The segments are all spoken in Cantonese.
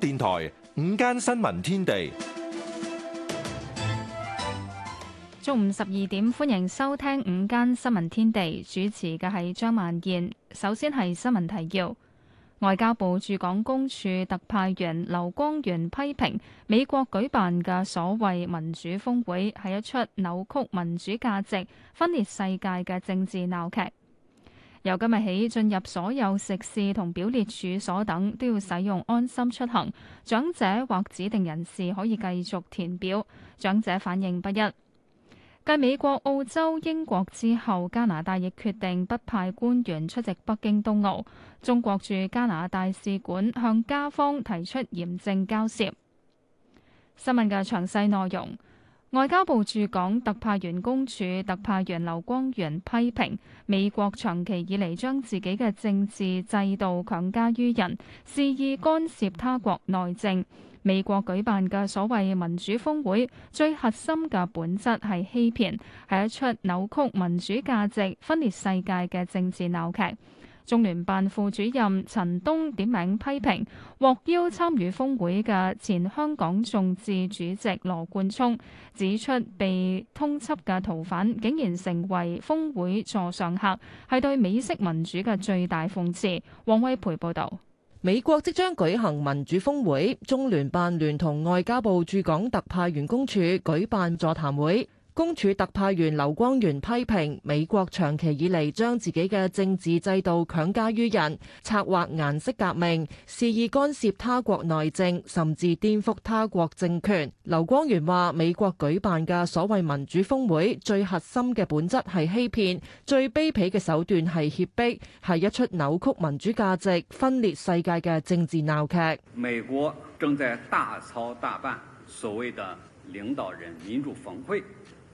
電台午間新聞天地，中午十二點，歡迎收聽午間新聞天地，主持嘅係張萬燕。首先係新聞提要：外交部駐港公署特派員劉光源批評美國舉辦嘅所謂民主峰會係一出扭曲民主價值、分裂世界嘅政治鬧劇。由今日起，進入所有食肆同表列處所等，都要使用安心出行。長者或指定人士可以繼續填表。長者反應不一。繼美國、澳洲、英國之後，加拿大亦決定不派官員出席北京冬奧，中國駐加拿大使館向加方提出嚴正交涉。新聞嘅詳細內容。外交部駐港特派員公署特派員劉光源批評美國長期以嚟將自己嘅政治制度強加於人，肆意干涉他國內政。美國舉辦嘅所謂民主峰會，最核心嘅本質係欺騙，係一出扭曲民主價值、分裂世界嘅政治鬧劇。中聯辦副主任陳東點名批評獲邀參與峰會嘅前香港眾志主席羅冠聰，指出被通緝嘅逃犯竟然成為峰會座上客，係對美式民主嘅最大諷刺。王威培報導。美國即將舉行民主峰會，中聯辦聯同外交部駐港特派員工處舉辦座談會。公署特派員劉光源批評美國長期以嚟將自己嘅政治制度強加於人，策劃顏色革命，肆意干涉他國內政，甚至顛覆他國政權。劉光源話：美國舉辦嘅所謂民主峰會，最核心嘅本質係欺騙，最卑鄙嘅手段係脅迫，係一出扭曲民主價值、分裂世界嘅政治鬧劇。美國正在大操大辦所謂嘅領導人民主峰會。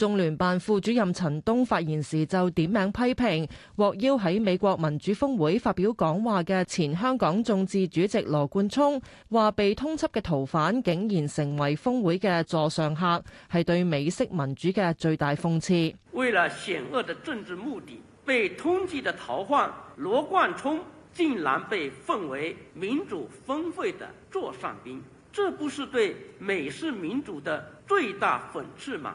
中聯辦副主任陳東發言時就點名批評，獲邀喺美國民主峰會發表講話嘅前香港眾志主席羅冠聰話：「被通緝嘅逃犯竟然成為峰會嘅座上客，係對美式民主嘅最大諷刺。」為了險惡嘅政治目的，被通緝嘅逃犯羅冠聰竟然被奉為民主峰會嘅座上賓，這不是對美式民主的最大諷刺嗎？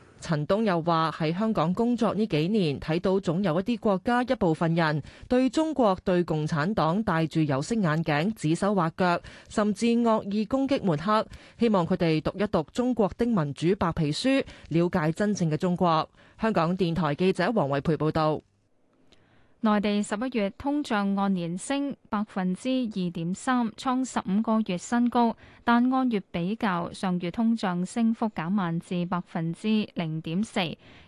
陳東又話：喺香港工作呢幾年，睇到總有一啲國家一部分人對中國、對共產黨戴住有色眼鏡，指手畫腳，甚至惡意攻擊抹黑。希望佢哋讀一讀中國的民主白皮書，了解真正嘅中國。香港電台記者黃惠培報道。內地十一月通脹按年升百分之二點三，創十五個月新高，但按月比較，上月通脹升幅減慢至百分之零點四。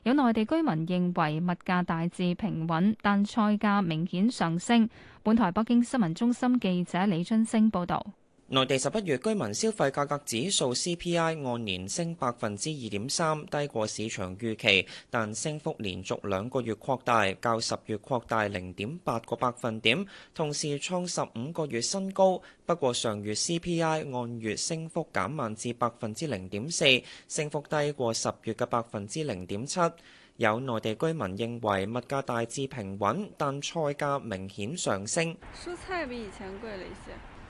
有內地居民認為物價大致平穩，但菜價明顯上升。本台北京新聞中心記者李春升報導。內地十一月居民消費價格指數 CPI 按年升百分之二點三，低過市場預期，但升幅連續兩個月擴大，較十月擴大零點八個百分點，同時創十五個月新高。不過上月 CPI 按月升幅減慢至百分之零點四，升幅低過十月嘅百分之零點七。有內地居民認為物價大致平穩，但菜價明顯上升。蔬菜比以前貴了一些。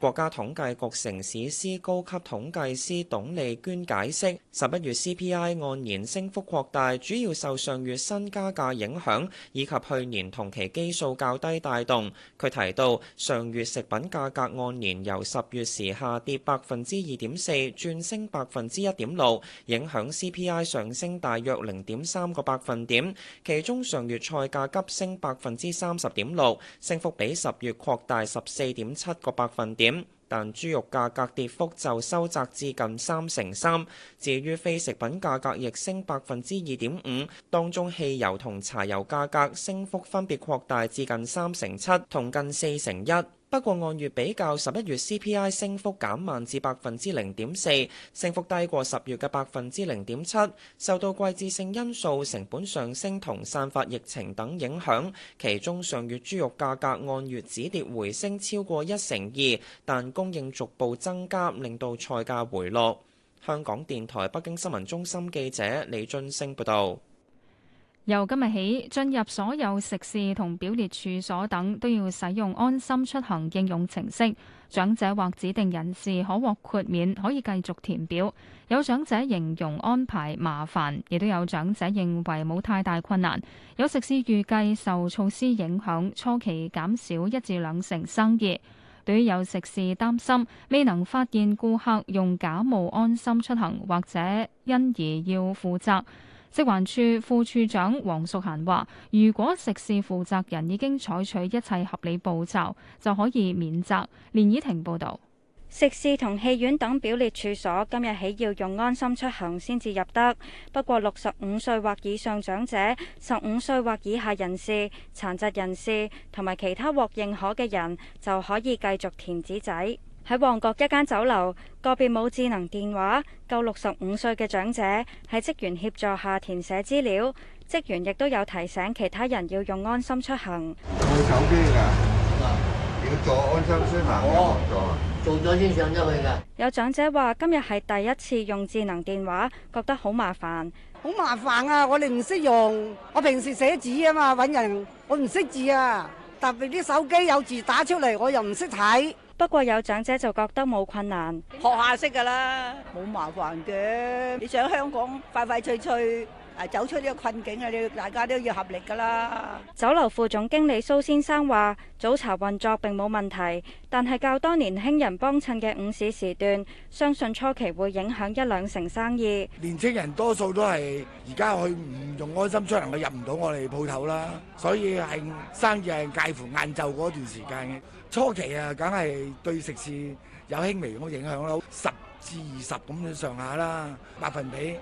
國家統計局城市司高級統計師董利娟解釋，十一月 CPI 按年升幅擴大，主要受上月新加價影響以及去年同期基數較低帶動。佢提到，上月食品價格按年由十月時下跌百分之二點四，轉升百分之一點六，影響 CPI 上升大約零點三個百分點。其中上月菜價急升百分之三十點六，升幅比十月擴大十四點七個百分點。點，但豬肉價格跌幅就收窄至近三成三。至於非食品價格亦升百分之二點五，當中汽油同柴油價格升幅分別擴大至近三成七同近四成一。不過，按月比較，十一月 CPI 升幅減慢至百分之零點四，升幅低過十月嘅百分之零點七。受到季節性因素、成本上升同散發疫情等影響，其中上月豬肉價格按月止跌回升超過一成二，但供應逐步增加，令到菜價回落。香港電台北京新聞中心記者李進升報道。由今日起，進入所有食肆同表列處所等，都要使用安心出行應用程式。長者或指定人士可獲豁免，可以繼續填表。有長者形容安排麻煩，亦都有長者認為冇太大困難。有食肆預計受措施影響，初期減少一至兩成生意。對於有食肆擔心未能發現顧客用假冒安心出行，或者因而要負責。食環處副處長黃淑嫻話：如果食肆負責人已經採取一切合理步驟，就可以免責。連綺婷報道，食肆同戲院等表列處所今日起要用安心出行先至入得。不過，六十五歲或以上長者、十五歲或以下人士、殘疾人士同埋其他獲認可嘅人就可以繼續填紙仔。喺旺角一間酒樓，個別冇智能電話、夠六十五歲嘅長者喺職員協助下填寫資料，職員亦都有提醒其他人要用安心出行。有長者話今日係第一次用智能電話，覺得好麻煩。好麻煩啊！我哋唔識用，我平時寫字啊嘛，揾人，我唔識字啊，特別啲手機有字打出嚟，我又唔識睇。不過有長者就覺得冇困難，學下識㗎啦，冇麻煩嘅。你想香港快快脆脆，誒走出呢個困境啊！你大家都要合力㗎啦。酒樓副總經理蘇先生話：早茶運作並冇問題，但係較多年輕人幫襯嘅午市時，時段，相信初期會影響一兩成生意。年輕人多數都係而家去唔用安心出行，佢入唔到我哋鋪頭啦，所以係生意係介乎晏晝嗰段時間嘅初期啊，梗係對食肆有輕微嘅影響啦，十至二十咁上下啦，百分比。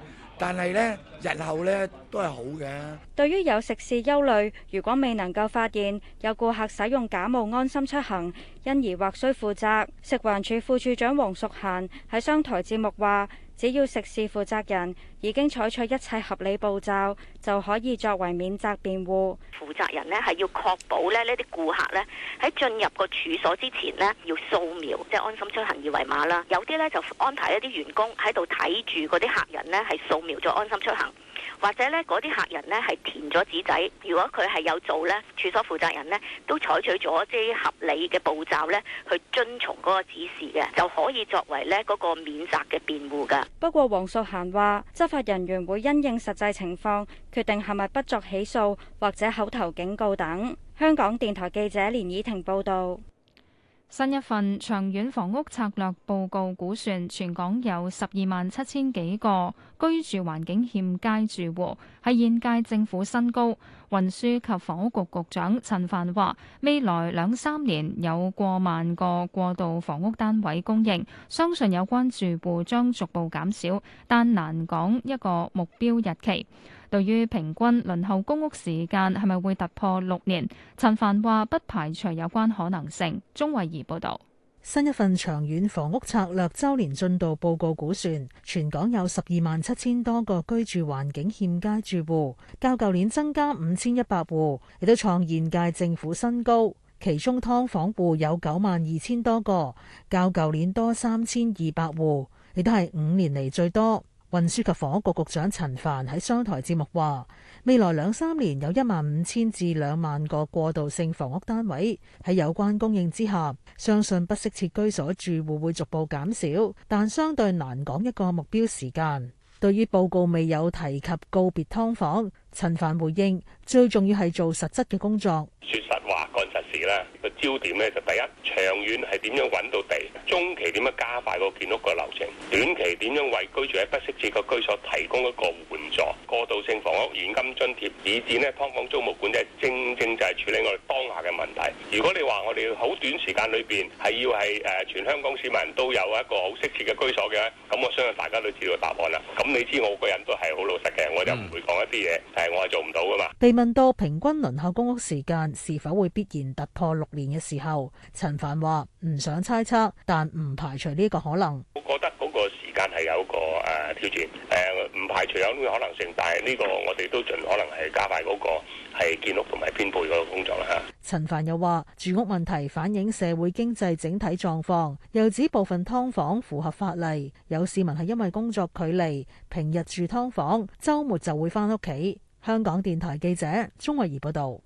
但係咧，日後咧都係好嘅。對於有食肆憂慮，如果未能夠發現有顧客使用假冒安心出行，因而或需負責，食環署副署長黃淑嫻喺商台節目話。只要食肆負責人已經採取一切合理步驟，就可以作為免責辯護。負責人呢，係要確保呢呢啲顧客呢喺進入個處所之前呢，要掃描，即係安心出行二維碼啦。有啲呢就安排一啲員工喺度睇住嗰啲客人呢係掃描咗安心出行。或者呢嗰啲客人呢，係填咗紙仔，如果佢係有做呢處所負責人呢，都採取咗即係合理嘅步驟呢，去遵從嗰個指示嘅，就可以作為呢嗰個免責嘅辯護噶。不過黃淑嫻話執法人員會因應實際情況決定係咪不作起訴或者口頭警告等。香港電台記者連倚婷報道。新一份長遠房屋策略報告估算，全港有十二萬七千幾個居住環境欠佳住戶，係現屆政府新高。運輸及房屋局局長陳帆話：未來兩三年有過萬個過渡房屋單位供應，相信有關住戶將逐步減少，但難講一個目標日期。對於平均輪候公屋時間係咪會突破六年？陳帆話不排除有關可能性。鐘慧儀報導，新一份長遠房屋策略週年進度報告估算，全港有十二萬七千多個居住環境欠佳住戶，較舊年增加五千一百戶，亦都創現屆政府新高。其中劏房戶有九萬二千多個，較舊年多三千二百戶，亦都係五年嚟最多。運輸及房屋局局長陳帆喺商台節目話，未來兩三年有一萬五千至兩萬個過渡性房屋單位，喺有關供應之下，相信不適切居所住戶會逐步減少，但相對難講一個目標時間。對於報告未有提及告別劏房。陳帆回應：最重要係做實質嘅工作。說實話，幹實事啦。個焦點呢，就第一，長遠係點樣搵到地，中期點樣加快個建屋嘅流程，短期點樣為居住喺不適切嘅居所提供一個援助，過渡性房屋、現金津貼，以至呢，劏房租務管制、即係，正正就係處理我哋當下嘅問題。如果你話我哋好短時間裏邊係要係誒全香港市民都有一個好適切嘅居所嘅，咁我相信大家都知道答案啦。咁你知我個人都係好老實嘅，我就唔會講一啲嘢。我係做唔到噶嘛？被問到平均輪候公屋時間是否會必然突破六年嘅時候，陳帆話唔想猜測，但唔排除呢個可能。我覺得嗰個時間係有一個誒挑戰，誒唔排除有呢個可能性，但係呢個我哋都盡可能係加快嗰個係建屋同埋編配嘅工作啦。陳帆又話住屋問題反映社會經濟整體狀況，又指部分劏房符合法例，有市民係因為工作距離，平日住劏房，周末就會翻屋企。香港電台記者鍾慧儀報道，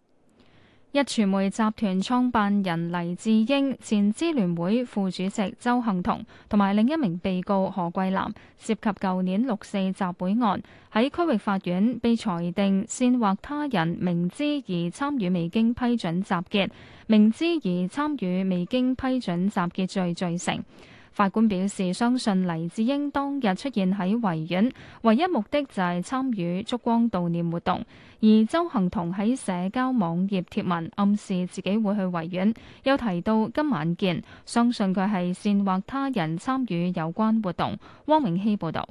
壹傳媒集團創辦人黎智英、前支聯會副主席周幸彤同埋另一名被告何桂藍涉及舊年六四集會案，喺區域法院被裁定煽惑他人明知而參與未經批准集結、明知而參與未經批准集結罪罪成。法官表示相信黎智英當日出現喺維園唯一目的就係參與燭光悼念活動，而鄒幸彤喺社交網頁貼文暗示自己會去維園，又提到今晚見，相信佢係煽惑他人參與有關活動，汪永熙報道。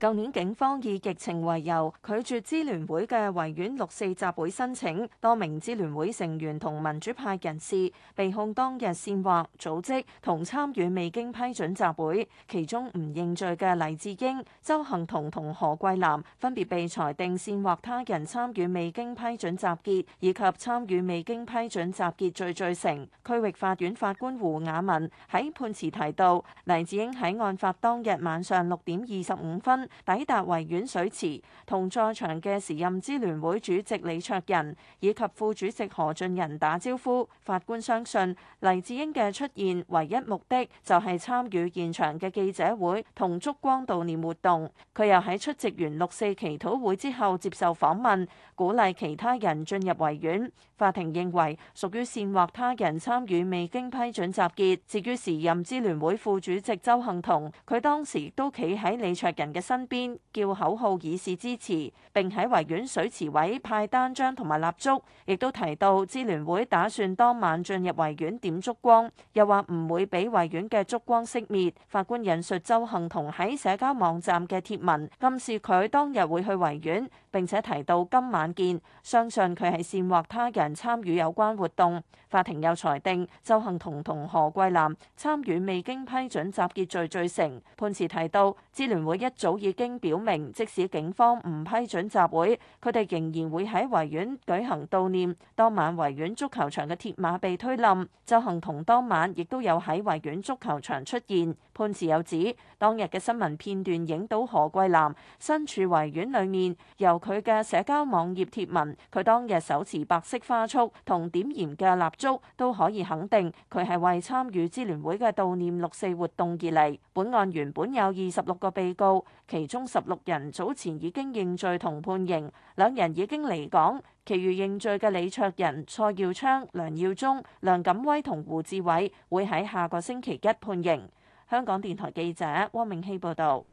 舊年警方以疫情為由拒絕支聯會嘅維園六四集會申請，多名支聯會成員同民主派人士被控當日煽惑組織同參與未經批准集會。其中唔認罪嘅黎智英、鄒幸彤同何桂藍分別被裁定煽惑他人參與未經批准集結以及參與未經批准集結罪罪成。區域法院法官胡雅文喺判詞提到，黎智英喺案發當日晚上六點二十五分，抵達維園水池，同在場嘅時任支聯會主席李卓人以及副主席何俊仁打招呼。法官相信黎智英嘅出現唯一目的就係參與現場嘅記者會同燭光悼念活動。佢又喺出席完六四祈禱會之後接受訪問，鼓勵其他人進入維園。法庭認為屬於煽惑他人參與未經批准集結。至於時任支聯會副主席鄒幸彤，佢當時都企喺李卓人嘅身。邊叫口號以示支持，並喺維園水池位派單張同埋蠟燭，亦都提到支聯會打算當晚進入維園點燭光，又話唔會俾維園嘅燭光熄滅。法官引述周幸彤喺社交網站嘅貼文，暗示佢當日會去維園。並且提到今晚見，相信佢係煽惑他人參與有關活動。法庭又裁定周幸彤同何桂藍參與未經批准集結罪罪成。判詞提到，支聯會一早已經表明，即使警方唔批准集會，佢哋仍然會喺維園舉行悼念。當晚維園足球場嘅鐵馬被推冧，周幸彤當晚亦都有喺維園足球場出現。判詞又指，當日嘅新聞片段影到何桂藍身處維園裏面，由佢嘅社交網頁貼文，佢當日手持白色花束同點燃嘅蠟燭，都可以肯定佢係為參與支聯會嘅悼念六四活動而嚟。本案原本有二十六個被告，其中十六人早前已經認罪同判刑，兩人已經離港，其餘認罪嘅李卓人、蔡耀昌、梁耀忠、梁錦威同胡志偉會喺下個星期一判刑。香港電台記者汪明熙報道。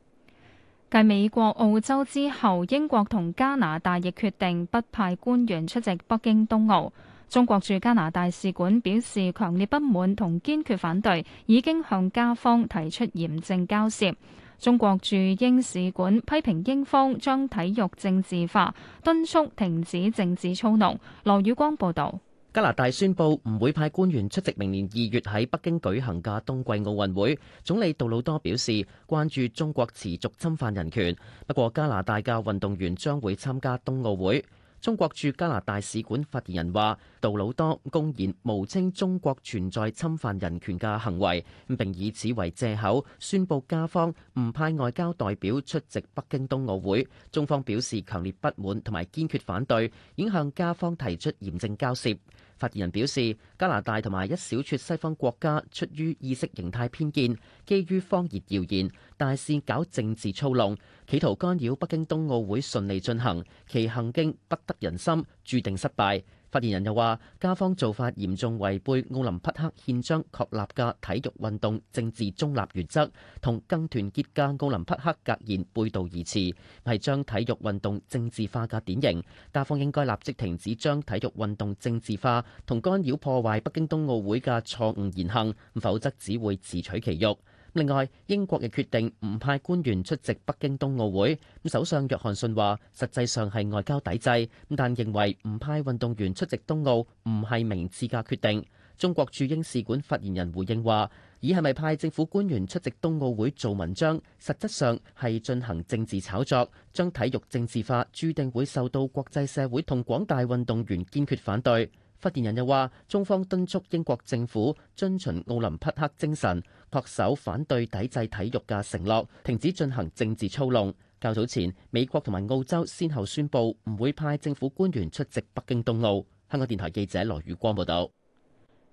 繼美國、澳洲之後，英國同加拿大亦決定不派官員出席北京冬奧。中國駐加拿大使館表示強烈不滿同堅決反對，已經向加方提出嚴正交涉。中國駐英使館批評英方將體育政治化，敦促停止政治操弄。羅宇光報道。加拿大宣布唔會派官員出席明年二月喺北京舉行嘅冬季奧運會。總理杜魯多表示關注中國持續侵犯人權，不過加拿大嘅運動員將會參加冬奧會。中國駐加拿大使館發言人話，杜魯多公然冒稱中國存在侵犯人權嘅行為，並以此為借口宣布加方唔派外交代表出席北京冬奧會。中方表示強烈不滿同埋堅決反對，已向加方提出嚴正交涉。發言人表示，加拿大同埋一小撮西方國家，出於意識形態偏見，基於謊言謠言，大肆搞政治操弄，企圖干擾北京冬奧會順利進行，其行徑不得人心，註定失敗。發言人又話，加方做法嚴重違背奧林匹克憲章確立嘅體育運動政治中立原則，同更團結嘅奧林匹克格言背道而馳，係將體育運動政治化嘅典型。加方應該立即停止將體育運動政治化同干擾破壞北京冬奧會嘅錯誤言行，否則只會自取其辱。另外，英國嘅決定唔派官員出席北京冬奧會。首相約翰遜話：實際上係外交抵制，但認為唔派運動員出席冬奧唔係明智嘅決定。中國駐英使館發言人回應話：以係咪派政府官員出席冬奧會做文章，實質上係進行政治炒作，將體育政治化，注定會受到國際社會同廣大運動員堅決反對。發言人又話，中方敦促英國政府遵循奧林匹克精神，恪守反對抵制體育嘅承諾，停止進行政治操弄。較早前，美國同埋澳洲先後宣布唔會派政府官員出席北京冬奧。香港電台記者羅宇光報道。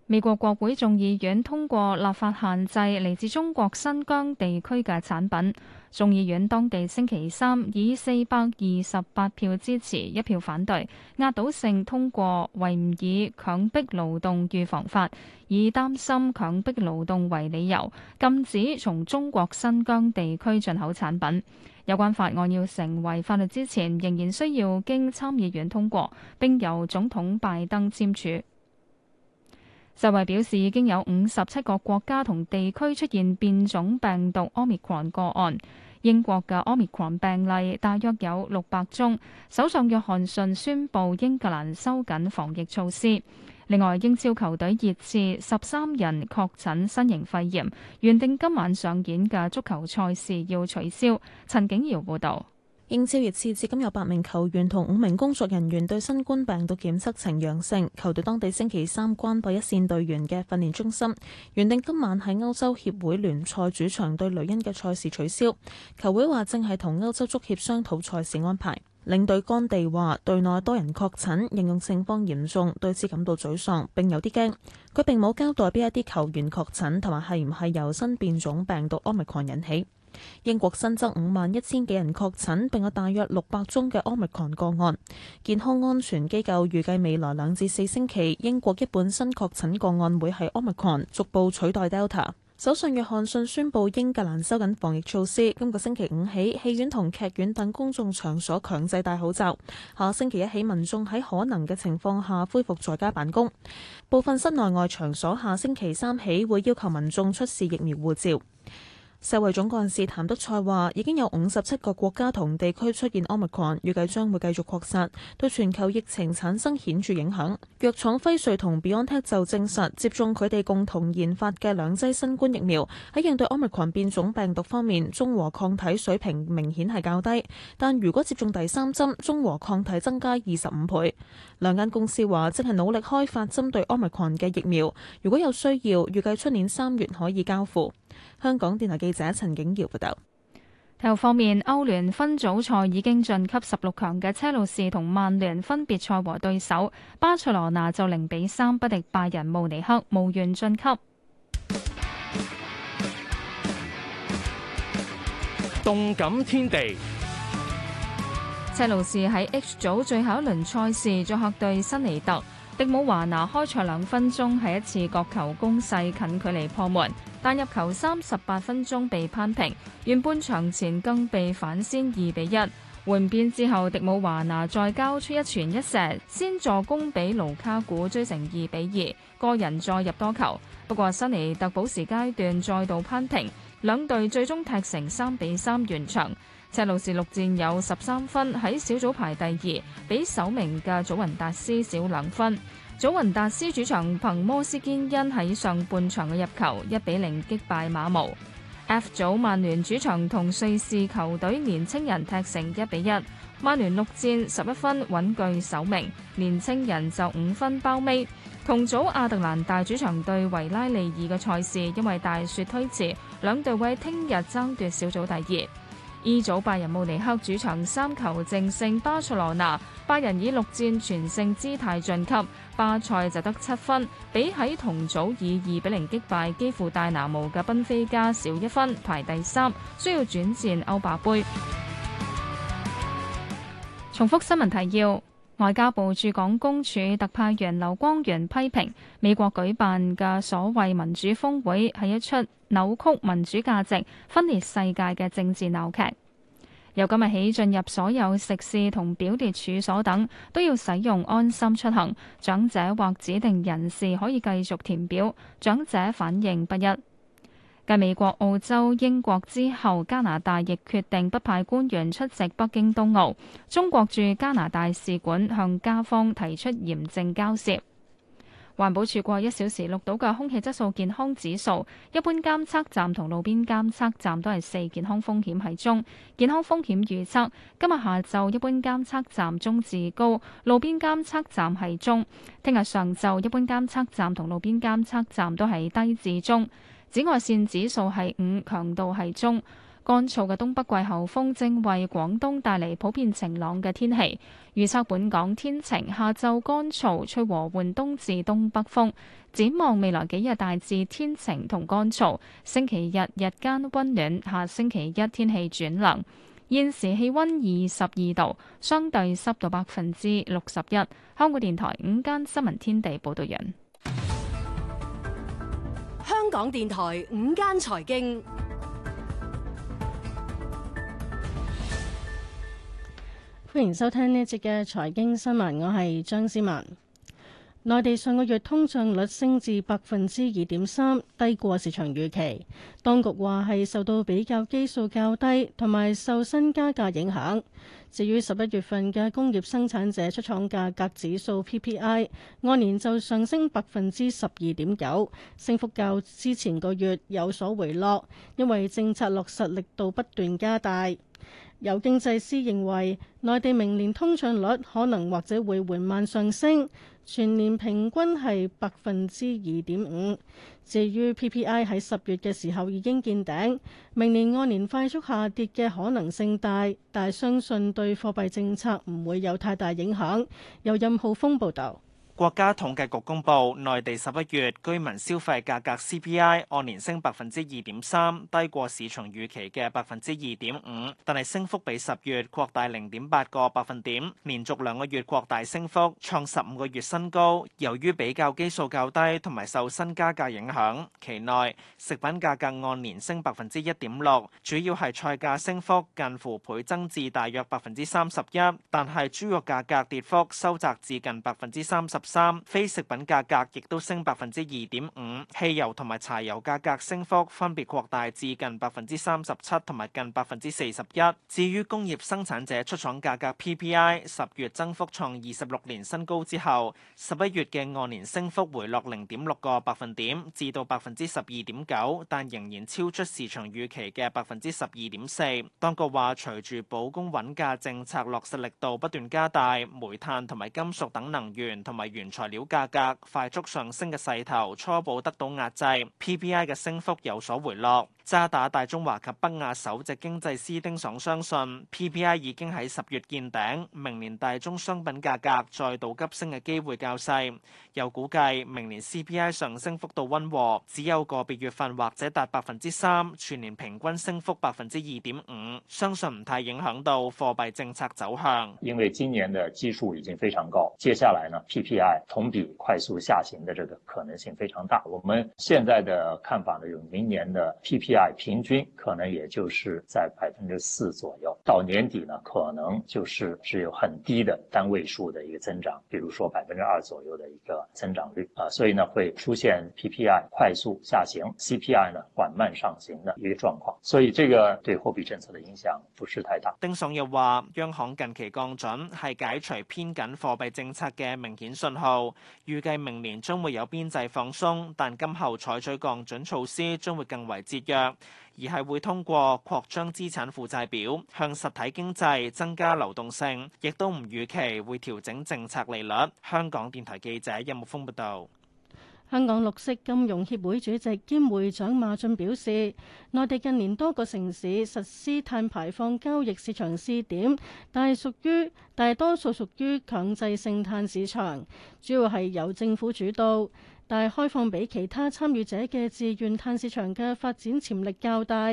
美國國會眾議院通過立法限制嚟自中國新疆地區嘅產品。眾議院當地星期三以四百二十八票支持，一票反對，壓倒性通過《維吾爾強迫勞動預防法》，以擔心強迫勞動為理由，禁止從中國新疆地區進口產品。有關法案要成為法律之前，仍然需要經參議院通過，並由總統拜登簽署。世衛表示，已經有五十七個國家同地區出現變種病毒 Omicron 個案。英國嘅 Omicron 病例大約有六百宗。首相約翰遜宣布英格蘭收緊防疫措施。另外，英超球隊熱刺十三人確診新型肺炎，原定今晚上演嘅足球賽事要取消。陳景堯報道。英超熱刺至今有八名球員同五名工作人員對新冠病毒檢測呈陽性，球隊當地星期三關閉一線隊員嘅訓練中心，原定今晚喺歐洲協會聯賽主場對雷恩嘅賽事取消。球會話正係同歐洲足協商討賽事安排。領隊干地話：隊內多人確診，應用情況嚴重，對此感到沮喪並有啲驚。佢並冇交代邊一啲球員確診同埋係唔係由新變種病毒奧密克戎引起。英國新增五萬一千幾人確診，並有大約六百宗嘅 Omicron 個案。健康安全機構預計未來兩至四星期，英國一本新確診個案會係 c r o n 逐步取代 Delta。首相約翰遜宣布英格蘭收緊防疫措施，今個星期五起，戲院同劇院等公眾場所強制戴口罩。下星期一起，民眾喺可能嘅情況下恢復在家辦公。部分室內外場所下星期三起會要求民眾出示疫苗護照。世衛總幹事譚德賽話，已經有五十七個國家同地區出現奧密克戎，預計將會繼續擴散，對全球疫情產生顯著影響。藥廠輝瑞同 BioNTech 就證實，接種佢哋共同研發嘅兩劑新冠疫苗，喺應對奧密克戎變種病毒方面，中和抗體水平明顯係較低。但如果接種第三針，中和抗體增加二十五倍。兩間公司話，正係努力開發針對奧密克戎嘅疫苗，如果有需要，預計出年三月可以交付。香港電台記者陳景耀報道。體育方面，歐聯分組賽已經晉級十六強嘅車路士同曼聯分別賽和對手，巴塞羅那就零比三不敵拜仁慕尼黑，無緣晉級。動感天地。車路士喺 H 組最後一輪賽事作客對新尼特，迪姆華拿開賽兩分鐘係一次角球攻勢近距離破門。但入球三十八分鐘被扳平，完半場前更被反先二比一。換邊之後，迪姆華拿再交出一傳一射，先助攻比盧卡古追成二比二。個人再入多球，不過辛尼特補時階段再度扳平，兩隊最終踢成三比三完場。赤路士六戰有十三分，喺小組排第二，比首名嘅祖雲達斯少兩分。祖雲達斯主場憑摩斯堅因喺上半場嘅入球，一比零擊敗馬毛。F 組曼聯主場同瑞士球隊年青人踢成一比一，1, 曼聯六戰十一分穩據首名，年青人就五分包尾。同組亞特蘭大主場對維拉利爾嘅賽事因為大雪推遲，兩隊會聽日爭奪小組第二。E 組拜仁慕尼黑主場三球淨勝巴塞羅那，拜仁以六戰全勝姿態晉級。巴塞就得七分，比喺同組以二比零擊敗基輔戴拿模嘅賓菲加少一分，排第三，需要轉戰歐霸盃。重複新聞提要。外交部駐港公署特派員劉光源批評美國舉辦嘅所謂民主峰會係一出扭曲民主價值、分裂世界嘅政治鬧劇。由今日起進入所有食肆同表列處所等都要使用安心出行，長者或指定人士可以繼續填表。長者反應不一。繼美國、澳洲、英國之後，加拿大亦決定不派官員出席北京冬奧。中國駐加拿大使館向加方提出嚴正交涉。環保署過一小時錄到嘅空氣質素健康指數，一般監測站同路邊監測站都係四，健康風險係中。健康風險預測今日下晝一般監測站中至高，路邊監測站係中。聽日上晝一般監測站同路邊監測站都係低至中。紫外線指數係五，強度係中。乾燥嘅東北季候風正為廣東帶嚟普遍晴朗嘅天氣。預測本港天晴，下晝乾燥，吹和緩東至東北風。展望未來幾日大致天晴同乾燥。星期日日間溫暖，下星期一天氣轉冷。現時氣溫二十二度，相對濕度百分之六十一。香港電台午間新聞天地報道完。香港電台午間財經，歡迎收聽呢一節嘅財經新聞，我係張思文。內地上個月通脹率升至百分之二點三，低過市場預期。當局話係受到比較基數較低同埋受新加價影響。至於十一月份嘅工業生產者出廠價格格指數 PPI 按年就上升百分之十二點九，升幅較之前個月有所回落，因為政策落實力度不斷加大。有經濟師認為，內地明年通脹率可能或者會緩慢上升，全年平均係百分之二點五。至於 PPI 喺十月嘅時候已經見頂，明年按年快速下跌嘅可能性大，但相信對貨幣政策唔會有太大影響。由任浩峰報導。國家統計局公布，內地十一月居民消費價格 CPI 按年升百分之二點三，低過市場預期嘅百分之二點五，但係升幅比十月擴大零點八個百分點，連續兩個月擴大升幅，創十五個月新高。由於比較基數較低，同埋受新加價影響，期內食品價格按年升百分之一點六，主要係菜價升幅近乎倍增至大約百分之三十一，但係豬肉價格跌幅收窄至近百分之三十。三非食品價格亦都升百分之二點五，汽油同埋柴油價格升幅分別擴大至近百分之三十七同埋近百分之四十一。至於工業生產者出廠價格 PPI，十月增幅創二十六年新高之後，十一月嘅按年升幅回落零點六個百分點，至到百分之十二點九，但仍然超出市場預期嘅百分之十二點四。當局話，隨住保供穩價政策落實力度不斷加大，煤炭同埋金屬等能源同埋原材料價格快速上升嘅勢頭初步得到壓制，PPI 嘅升幅有所回落。渣打大中華及北亞首席經濟師丁爽相信 PPI 已經喺十月見頂，明年大宗商品價格再度急升嘅機會較細。又估計明年 CPI 上升幅度溫和，只有個別月份或者達百分之三，全年平均升幅百分之二點五，相信唔太影響到貨幣政策走向。因為今年的基數已經非常高，接下來呢 PPI 同比快速下行的這個可能性非常大。我們現在的看法呢，有明年的 PPI，平均可能也就是在百分之四左右，到年底呢，可能就是只有很低的單位數的一個增長，比如說百分之二左右的一個增長率啊，所以呢會出現 PPI 快速下行，CPI 呢緩慢上行的一個狀況，所以這個對貨幣政策的影響不是太大。丁爽又話，央行近期降準係解除偏緊貨幣政策嘅明顯信號，預計明年將會有邊際放鬆，但今後採取降準措施將會更為節約。而係會通過擴張資產負債表向實體經濟增加流動性，亦都唔預期會調整政策利率。香港電台記者任木峯報道。香港綠色金融協會主席兼會長馬俊表示，內地近年多個城市實施碳排放交易市場試點，但係屬於大多數屬於強制性碳市場，主要係由政府主導。但係開放俾其他參與者嘅自願碳市場嘅發展潛力較大，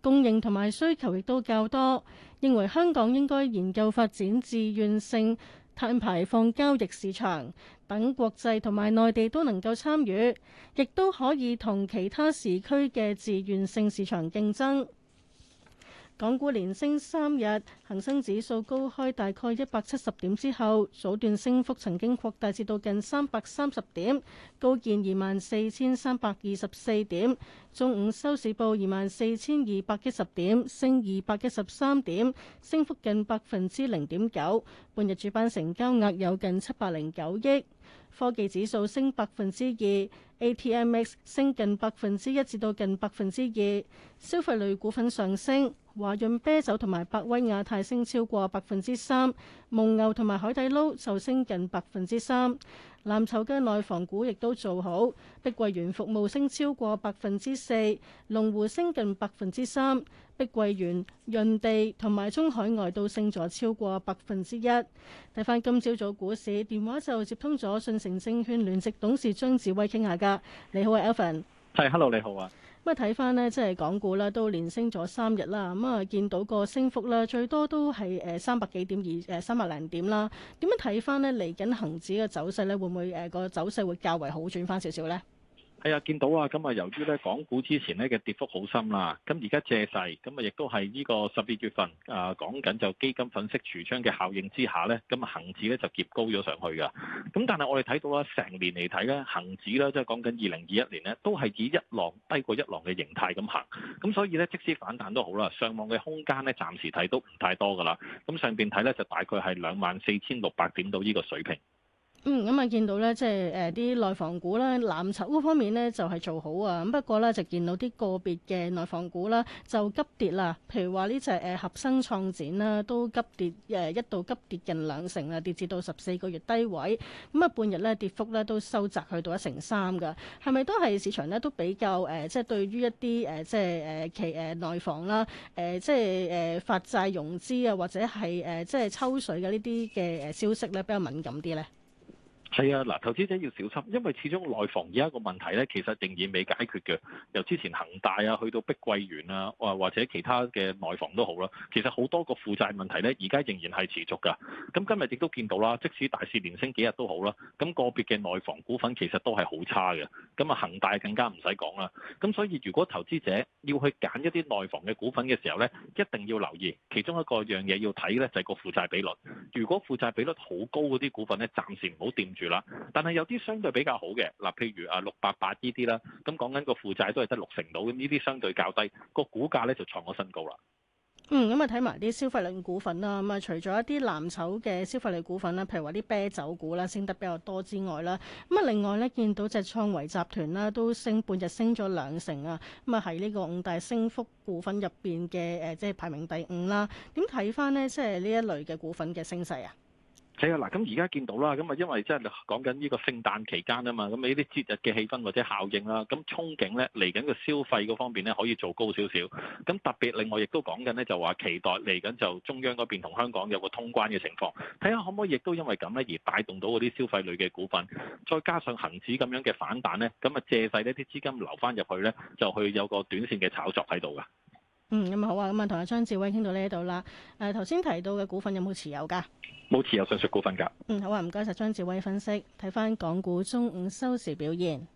供應同埋需求亦都較多。認為香港應該研究發展自願性碳排放交易市場，等國際同埋內地都能夠參與，亦都可以同其他時區嘅自願性市場競爭。港股連升三日，恒生指數高開大概一百七十點之後，早段升幅曾經擴大至到近三百三十點，高見二萬四千三百二十四點。中午收市報二萬四千二百一十點，升二百一十三點，升幅近百分之零點九。半日主板成交額有近七百零九億，科技指數升百分之二。ATMX 升近百分之一至到近百分之二，消費類股份上升，華潤啤酒同埋百威亞太升超過百分之三，蒙牛同埋海底撈就升近百分之三。藍籌嘅內房股亦都做好，碧桂園服務升超過百分之四，龍湖升近百分之三，碧桂園、潤地同埋中海外都升咗超過百分之一。睇翻今朝早股市，電話就接通咗信誠證券聯席董事張志威傾下偈。你好啊，Alvin。係，Hello，你好啊。咁啊睇翻呢，即係港股啦，都連升咗三日啦。咁啊，見到個升幅喇，最多都係誒、呃、三百幾點，二、呃、誒三百零點啦。點樣睇翻呢？嚟緊恒指嘅走勢呢，會唔會誒個、呃、走勢會較為好轉翻少少呢？係啊、哎，見到啊，咁啊，由於咧港股之前咧嘅跌幅好深啦，咁而家借勢，咁啊，亦都係呢個十二月份啊，講緊就基金粉飾櫥窗嘅效應之下咧，咁啊，恒指咧就挾高咗上去噶。咁但係我哋睇到咧，成年嚟睇咧，恒指咧即係講緊二零二一年咧，都係以一浪低過一浪嘅形態咁行。咁所以咧，即使反彈都好啦，上網嘅空間咧，暫時睇都唔太多噶啦。咁上邊睇咧就大概係兩萬四千六百點到呢個水平。嗯，咁、嗯、啊，見到咧，即係誒啲內房股啦，藍籌股方面咧就係、是、做好啊。咁不過咧，就見到啲個別嘅內房股啦，就急跌啦。譬如話呢隻誒合生創展啦、啊，都急跌誒、呃、一度急跌近兩成啊，跌至到十四個月低位。咁、嗯、啊，半日咧跌幅咧都收窄去到一成三㗎。係咪都係市場咧都比較誒、呃，即係對於一啲誒、呃、即係誒期誒內房啦，誒即係誒發債融資啊，或者係誒、呃、即係抽水嘅呢啲嘅誒消息咧比較敏感啲咧？係啊，嗱，投資者要小心，因為始終內房而家個問題咧，其實仍然未解決嘅。由之前恒大啊，去到碧桂園啊，或或者其他嘅內房都好啦，其實好多個負債問題咧，而家仍然係持續噶。咁今日亦都見到啦，即使大市連升幾日都好啦，咁個別嘅內房股份其實都係好差嘅。咁啊，恒大更加唔使講啦。咁所以如果投資者要去揀一啲內房嘅股份嘅時候咧，一定要留意其中一個樣嘢要睇咧，就係個負債比率。如果負債比率好高嗰啲股份咧，暫時唔好掂。住啦，但係有啲相對比較好嘅嗱，譬如啊六八八呢啲啦，咁講緊個負債都係得六成到，咁呢啲相對較低，個股價咧就創咗新高啦。嗯，咁啊睇埋啲消費類股份啦，咁啊除咗一啲藍籌嘅消費類股份啦，譬如話啲啤酒股啦升得比較多之外啦，咁啊另外咧見到隻創維集團啦都升半日升咗兩成啊，咁啊喺呢個五大升幅股份入邊嘅誒即係排名第五啦。點睇翻呢？即係呢一類嘅股份嘅升勢啊？係啊，嗱、嗯，咁而家見到啦，咁啊，因為即係講緊呢個聖誕期間啊嘛，咁呢啲節日嘅氣氛或者效應啦、啊，咁憧憬咧嚟緊個消費嗰方面咧，可以做高少少。咁特別，另外亦都講緊咧，就話期待嚟緊就中央嗰邊同香港有個通關嘅情況，睇下可唔可以亦都因為咁咧而帶動到嗰啲消費類嘅股份，再加上恆指咁樣嘅反彈咧，咁啊借勢呢啲資金流翻入去咧，就去有個短線嘅炒作喺度㗎。嗯，咁啊好啊，咁啊同阿張志威傾到呢度啦。誒，頭先提到嘅股份有冇持有噶？冇持有上述股份噶。嗯，好啊，唔該晒張志威分析。睇翻港股中午收市表現，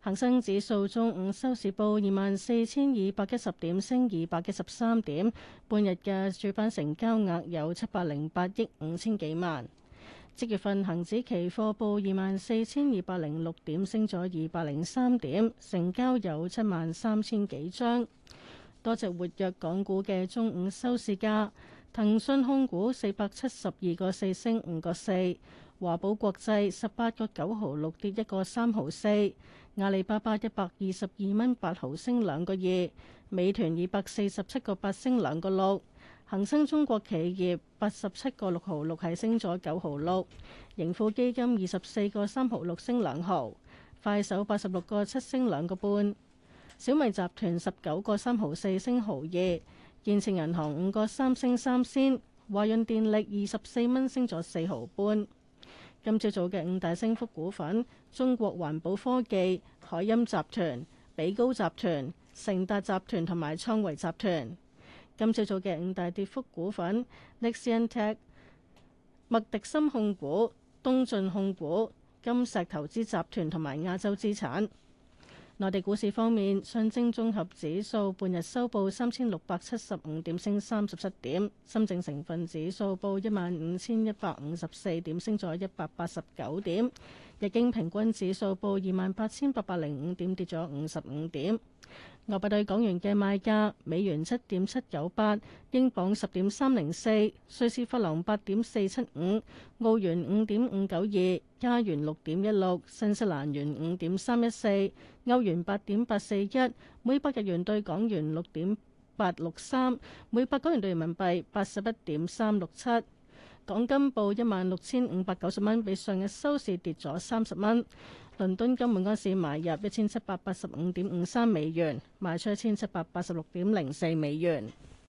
恒生指數中午收市報二萬四千二百一十點，升二百一十三點。半日嘅主板成交額有七百零八億五千幾萬。即月份恒指期貨報二萬四千二百零六點，升咗二百零三點，成交有七萬三千幾張。多隻活躍港股嘅中午收市價，騰訊控股四百七十二個四升五個四，華寶國際十八個九毫六跌一個三毫四，阿里巴巴一百二十二蚊八毫升兩個二，美團二百四十七個八升兩個六，恒生中國企業八十七個六毫六係升咗九毫六，盈富基金二十四個三毫六升兩毫，快手八十六個七升兩個半。小米集團十九個三毫四升毫二，建設銀行五個三升三先，華潤電力二十四蚊升咗四毫半。今朝早嘅五大升幅股份：中國環保科技、海音集團、比高集團、盛達集團同埋創維集團。今朝早嘅五大跌幅股份：Nixon Tech、麥迪森控股、東進控股、金石投資集團同埋亞洲資產。內地股市方面，上證綜合指數半日收報三千六百七十五點，升三十七點；深證成分指數報一萬五千一百五十四點，升咗一百八十九點；日經平均指數報二萬八千八百零五點，跌咗五十五點。外幣對港元嘅賣價：美元七點七九八，英鎊十點三零四，瑞士法郎八點四七五，澳元五點五九二，加元六點一六，新西蘭元五點三一四，歐元八點八四一，每百日元對港元六點八六三，每百港元對人民幣八十一點三六七。港金報一萬六千五百九十蚊，比上日收市跌咗三十蚊。倫敦金每盎司買入一千七百八十五點五三美元，賣出一千七百八十六點零四美元。